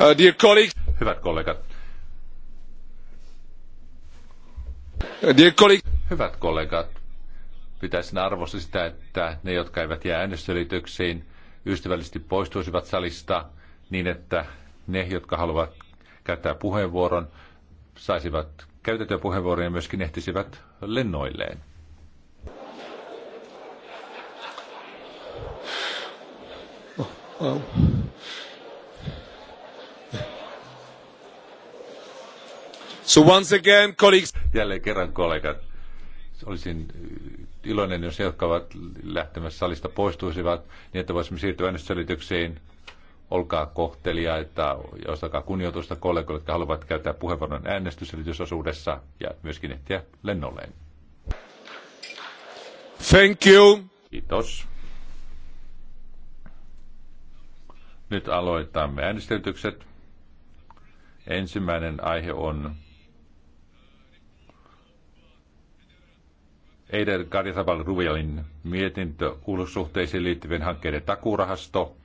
Uh, Hyvät kollegat. Uh, Hyvät kollegat. Pitäisin arvossa sitä, että ne, jotka eivät jää äänestysselityksiin, ystävällisesti poistuisivat salista niin, että ne, jotka haluavat käyttää puheenvuoron, saisivat käytettyä puheenvuoron ja myöskin ehtisivät lennoilleen. Oh, oh. So once again, colleagues... Jälleen kerran kollegat, olisin iloinen, jos he, jotka ovat lähtemässä salista, poistuisivat niin, että voisimme siirtyä äänestysselityksiin. Olkaa kohteliaita ja ostakaa kunnioitusta kollegoille, jotka haluavat käyttää puheenvuoron äänestysselitysosuudessa ja myöskin ehtiä lennolleen. Thank you. Kiitos. Nyt aloitamme äänestelytykset. Ensimmäinen aihe on Eider Garjataval Ruvialin mietintö ulkosuhteisiin liittyvien hankkeiden takuurahasto.